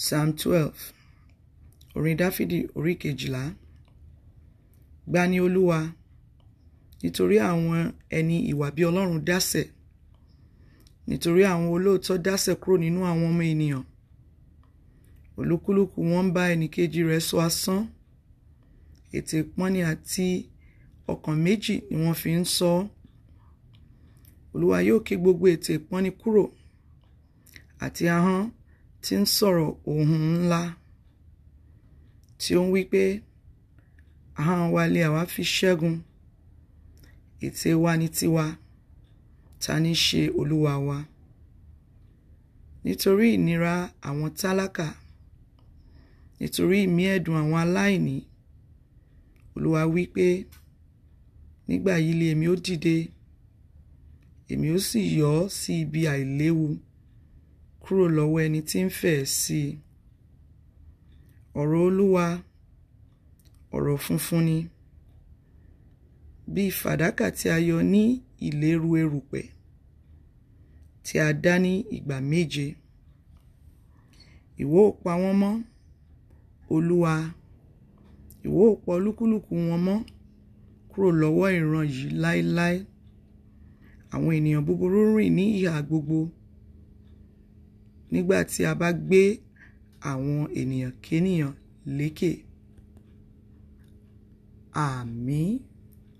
psalm 12. orin dáfídì orí kejìlá gbani olúwa nítorí àwọn ẹni ìwà bí ọlọ́run dásẹ̀ nítorí àwọn olóòótọ́ dásẹ̀ kúrò nínú àwọn ọmọ ènìyàn olúkúlùkù wọn ń bá ẹnìkejì rẹ̀ sọ asán ètè ìpọ́nni àti ọkàn méjì ni wọ́n fi ń sọ olúwa yóò ké gbogbo ètè ìpọ́nni kúrò àti ahọ́n tí ń sọ̀rọ̀ ohùn ńlá tí ó ń wí pé ahọ́n wa lé àwa fi ṣẹ́gun ètè wa ní tiwa ta ní ṣe olúwa wa nítorí ìnira àwọn tálákà nítorí ìmí ẹ̀dùn àwọn aláìní olúwa wí pé nígbà yìí lé èmi ó dìde èmi ó sì yọ ọ́ sí ibi àìléwu kúrò lọ́wọ́ ẹni tí ń fẹ̀ ẹ́ sí i. Ọ̀rọ̀ Olúwa ọ̀rọ̀ funfun ni bíi fàdákà tí a yọ ní ìléru erùpẹ̀ tí a dá ní ìgbà méje. Ìwọ ò pa wọ́n mọ́, Olúwa, ìwọ pa olúkúlùkù wọn mọ́ kúrò lọ́wọ́ ìran yìí láéláé. Àwọn ènìyàn búburú rìn ní ìhà gbogbo nígbà tí a bá gbé àwọn ènìyàn kénìyàn lékè